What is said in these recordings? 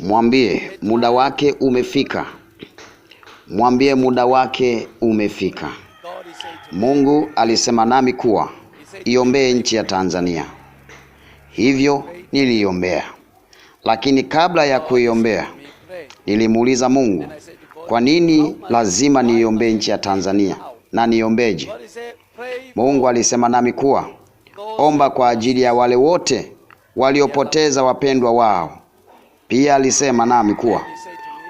Mwambie muda wake umefika. Mwambie muda wake umefika. Mungu alisema nami kuwa iombee nchi ya Tanzania, hivyo niliiombea. Lakini kabla ya kuiombea, nilimuuliza Mungu, kwa nini lazima niiombee nchi ya Tanzania na niombeje? Mungu alisema nami kuwa omba kwa ajili ya wale wote waliopoteza wapendwa wao pia alisema nami kuwa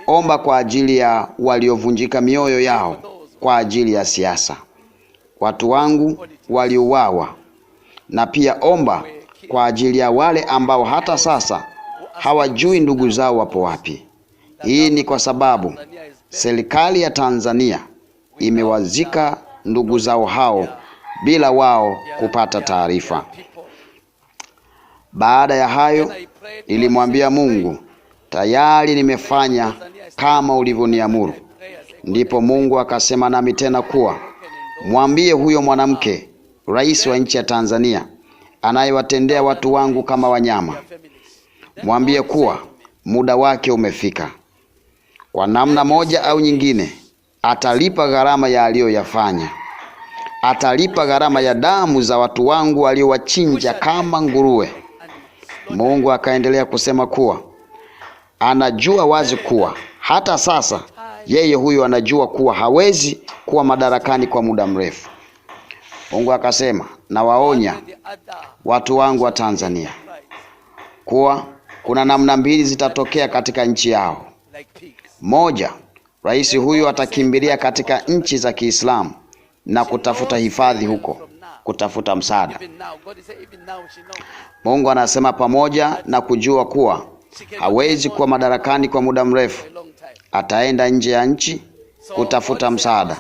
omba kwa ajili ya waliovunjika mioyo yao kwa ajili ya siasa. Watu wangu waliuawa, na pia omba kwa ajili ya wale ambao hata sasa hawajui ndugu zao wapo wapi. Hii ni kwa sababu serikali ya Tanzania imewazika ndugu zao hao bila wao kupata taarifa. Baada ya hayo, nilimwambia Mungu tayari nimefanya kama ulivyoniamuru. Ndipo Mungu akasema nami tena kuwa, mwambie huyo mwanamke, rais wa nchi ya Tanzania anayewatendea watu wangu kama wanyama, mwambie kuwa muda wake umefika. Kwa namna moja au nyingine, atalipa gharama ya aliyoyafanya. Atalipa gharama ya damu za watu wangu waliowachinja kama nguruwe. Mungu akaendelea kusema kuwa anajua wazi kuwa hata sasa yeye huyu anajua kuwa hawezi kuwa madarakani kwa muda mrefu. Mungu akasema, nawaonya watu wangu wa Tanzania kuwa kuna namna mbili zitatokea katika nchi yao. Moja, rais huyu atakimbilia katika nchi za Kiislamu na kutafuta hifadhi huko, kutafuta msaada. Mungu anasema pamoja na kujua kuwa hawezi kuwa madarakani kwa muda mrefu, ataenda nje ya nchi kutafuta msaada.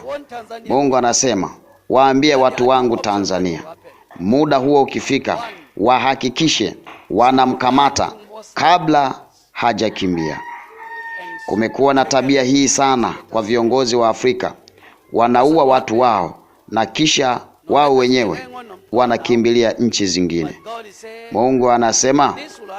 Mungu anasema waambie watu wangu Tanzania, muda huo ukifika, wahakikishe wanamkamata kabla hajakimbia. Kumekuwa na tabia hii sana kwa viongozi wa Afrika, wanaua watu wao na kisha wao wenyewe wanakimbilia nchi zingine. Mungu anasema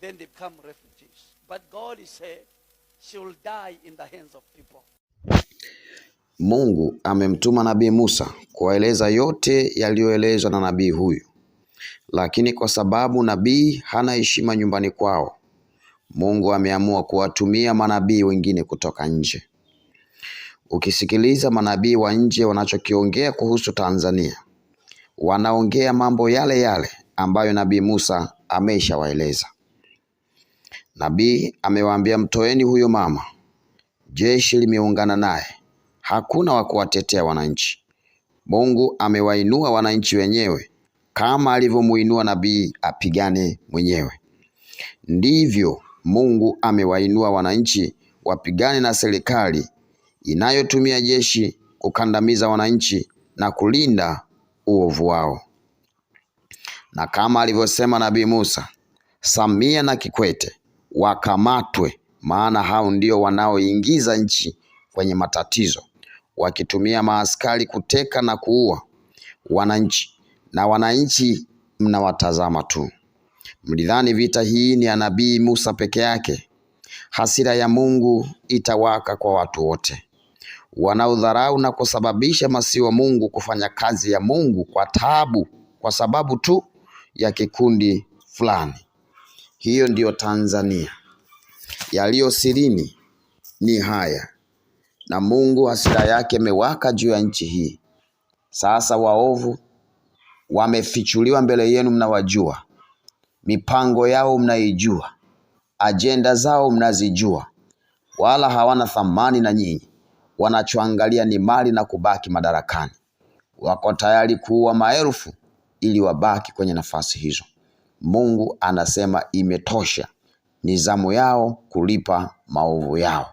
then they become refugees. But God is saying she will die in the hands of people. Mungu amemtuma Nabii Musa kuwaeleza yote yaliyoelezwa na nabii huyu, lakini kwa sababu nabii hana heshima nyumbani kwao, Mungu ameamua kuwatumia manabii wengine kutoka nje. Ukisikiliza manabii wa nje wanachokiongea kuhusu Tanzania, wanaongea mambo yale yale ambayo Nabii Musa ameshawaeleza. Nabii amewaambia mtoeni huyo mama, jeshi limeungana naye, hakuna wa kuwatetea wananchi. Mungu amewainua wananchi wenyewe, kama alivyomuinua nabii apigane mwenyewe, ndivyo Mungu amewainua wananchi wapigane na serikali inayotumia jeshi kukandamiza wananchi na kulinda uovu wao. Na kama alivyosema nabii Musa, Samia na Kikwete wakamatwe, maana hao ndio wanaoingiza nchi kwenye matatizo, wakitumia maaskari kuteka na kuua wananchi, na wananchi mnawatazama tu. Mlidhani vita hii ni ya nabii Musa peke yake. Hasira ya Mungu itawaka kwa watu wote wanaodharau na kusababisha masihi wa Mungu kufanya kazi ya Mungu kwa taabu, kwa sababu tu ya kikundi fulani. Hiyo ndiyo Tanzania. Yaliyo sirini ni haya, na Mungu hasira yake imewaka juu ya nchi hii. Sasa waovu wamefichuliwa mbele yenu, mnawajua. Mipango yao mnaijua, ajenda zao mnazijua, wala hawana thamani na nyinyi. Wanachoangalia ni mali na kubaki madarakani. Wako tayari kuua maelfu ili wabaki kwenye nafasi hizo. Mungu anasema imetosha, ni zamu yao kulipa maovu yao.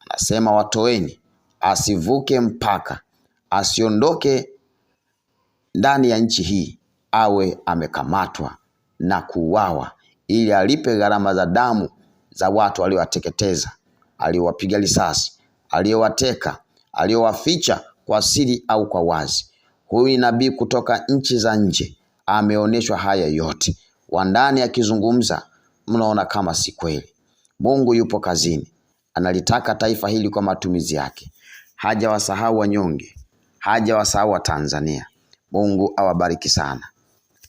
Anasema watoeni, asivuke mpaka, asiondoke ndani ya nchi hii, awe amekamatwa na kuuawa, ili alipe gharama za damu za watu aliowateketeza, aliowapiga risasi, aliowateka, aliowaficha kwa siri au kwa wazi. Huyu ni nabii kutoka nchi za nje, ameonyeshwa haya yote wa ndani akizungumza, mnaona kama si kweli. Mungu yupo kazini, analitaka taifa hili kwa matumizi yake. Haja wasahau wanyonge, haja wasahau wa Tanzania. Mungu awabariki sana,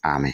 amen.